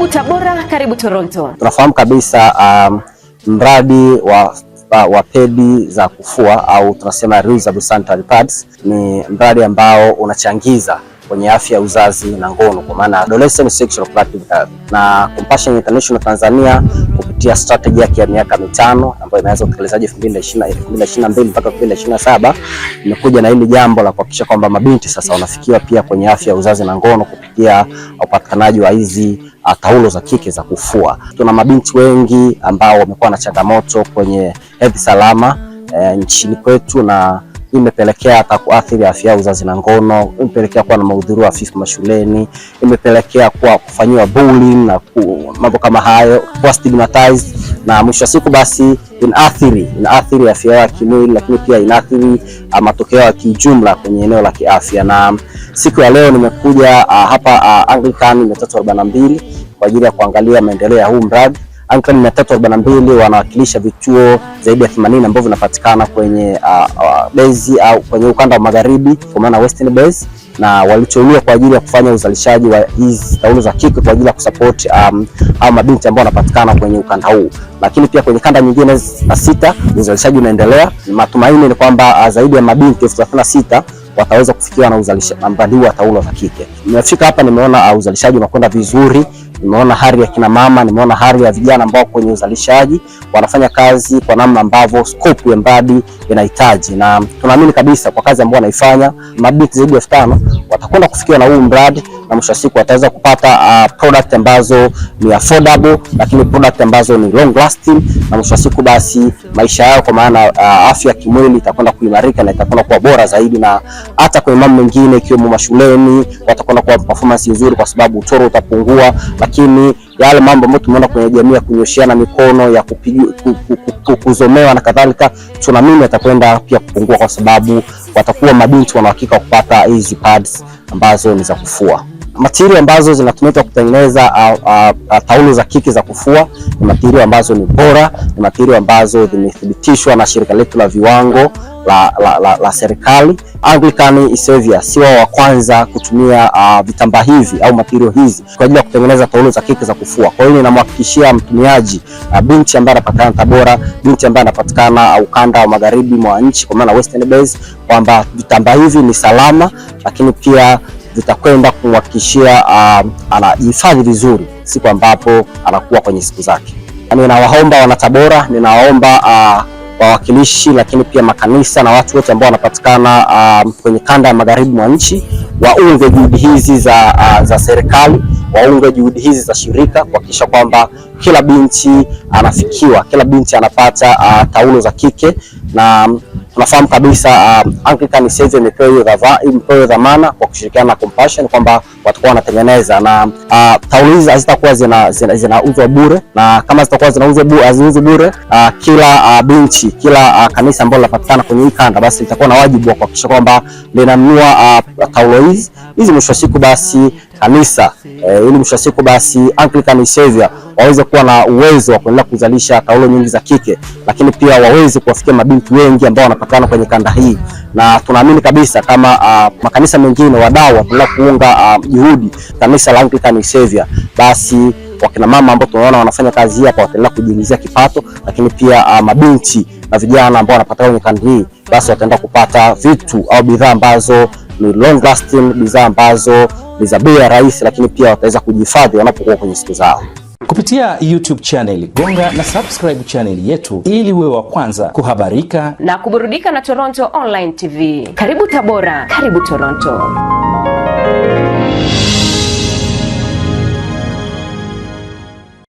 Karibu Tabora, karibu Toronto. Tunafahamu kabisa um, mradi wa wa pedi za kufua au tunasema reusable sanitary pads ni mradi ambao unachangiza kwenye afya ya uzazi na ngono kwa maana adolescent sexual reproductive health, na Compassion International Tanzania kupitia strategy yake ya miaka mitano ambayo imeanza utekelezaji 2022 mpaka 2027 imekuja na hili jambo la kuhakikisha kwamba mabinti sasa wanafikiwa pia kwenye afya ya uzazi na ngono kupitia upatikanaji wa hizi uh, taulo za kike za kufua. Tuna mabinti wengi ambao wamekuwa na changamoto kwenye hedhi salama e, nchini kwetu na imepelekea hata kuathiri afya ya uzazi na ngono, imepelekea kuwa na mahudhurio hafifu mashuleni, imepelekea kuwa kufanyiwa bullying na mambo kama hayo, kuwa stigmatized, na mwisho wa siku basi inaathiri inaathiri afya ya kimwili, lakini pia inaathiri ah, matokeo ya kijumla kwenye eneo la kiafya. Na siku ya leo nimekuja ah, hapa ah, Anglican 342 kwa ajili ya kuangalia maendeleo ya huu mradi Anklan 342 wanawakilisha vituo zaidi ya 80 ambavyo vinapatikana kwenye uh, uh, base au uh, kwenye ukanda wa magharibi kwa maana western base, na waliteuliwa kwa ajili ya kufanya uzalishaji wa hizi taulo za kike kwa ajili ya kusupport um, au mabinti ambao wanapatikana kwenye ukanda huu, lakini pia kwenye kanda nyingine za sita uzalishaji unaendelea. Matumaini ni kwamba uh, zaidi ya mabinti elfu thelathini na sita wataweza kufikiwa na uzalishaji wa taulo za kike. Nimefika hapa nimeona uh, uzalishaji unakwenda vizuri nimeona hali ya kina mama, nimeona hali ya vijana ambao kwenye uzalishaji wanafanya kazi kwa namna ambavyo scope ya mradi inahitaji, na tunaamini kabisa kwa kazi ambayo wanaifanya mabinti zaidi ya elfu tano watakwenda kufikiwa na huu mradi na mwisho wa siku wataweza kupata uh, product ambazo ni affordable, lakini product ambazo ni long lasting, na mwisho wa siku basi maisha yao kwa maana uh, afya kimwili itakwenda kuimarika na itakwenda kuwa bora zaidi, na hata kwenye mambo mengine ikiwemo mashuleni watakwenda kuwa performance nzuri, kwa sababu utoro utapungua lakini yale mambo ambayo tumeona kwenye jamii ya kunyoshiana mikono ya kupigi, kuzomewa na kadhalika, tunaamini atakwenda pia kupungua, kwa sababu watakuwa mabinti wanahakika kupata hizi pads ambazo ni za kufua. matirio ambazo zinatumika kutengeneza taulo za kike za kufua ni matirio ambazo ni bora, ni matirio ambazo zimethibitishwa na shirika letu la viwango la, la, la, la serikali. Anglican Isevia si wa kwanza kutumia uh, vitambaa hivi au mapiro hizi kwa ajili ya kutengeneza taulo za kike za kufua. Kwa hiyo ninamhakikishia mtumiaji uh, binti ambaye anapatikana Tabora, binti ambaye anapatikana uh, ukanda wa magharibi mwa nchi kwa maana Western Base kwamba vitambaa hivi ni salama, lakini pia vitakwenda kumhakikishia uh, anajihifadhi vizuri siku ambapo anakuwa kwenye siku zake. Ninawaomba wanatabora, ninawaomba uh, wawakilishi, lakini pia makanisa na watu wote ambao wanapatikana um, kwenye kanda ya magharibi mwa nchi waunge juhudi hizi za, uh, za serikali waunge juhudi hizi za shirika kuhakikisha kwamba kila binti anafikiwa, kila binti anapata uh, taulo za kike na um, Tunafahamu kabisa um, Anglican Church imepewa dhamana kwa kushirikiana na Compassion kwamba watakuwa wanatengeneza na uh, taulo hizi hazitakuwa zinauzwa zina, zina bure, na kama zitakuwa zinauzwa bure, haziuzwi bure uh, kila uh, binchi kila uh, kanisa ambalo linapatikana kwenye hii kanda basi litakuwa na wajibu wa kuhakikisha kwamba linanunua uh, taulo hizi hizi, mwisho wa siku basi kanisa eh, ili mwisho wa siku basi Anglican Savior waweze kuwa na uwezo wa kuendelea kuzalisha taulo nyingi za kike, lakini pia waweze kuwafikia mabinti wengi ambao wanapatikana kwenye kanda hii, na tunaamini kabisa kama uh, makanisa mengine wadau wanaendelea kuunga uh, juhudi kanisa la Anglican Savior, basi wakina mama ambao tunaona wanafanya kazi hii hapa wataendelea kujiingizia kipato, lakini pia uh, mabinti na vijana ambao wanapata kwenye kanda hii, basi wataenda kupata vitu au bidhaa ambazo ni long lasting, bidhaa ambazo ni za bei ya rahisi, lakini pia wataweza kujihifadhi wanapokuwa kwenye siku zao. Kupitia YouTube channel gonga na subscribe channel yetu ili wewe wa kwanza kuhabarika na kuburudika na Toronto Online TV. Karibu Tabora, karibu Toronto.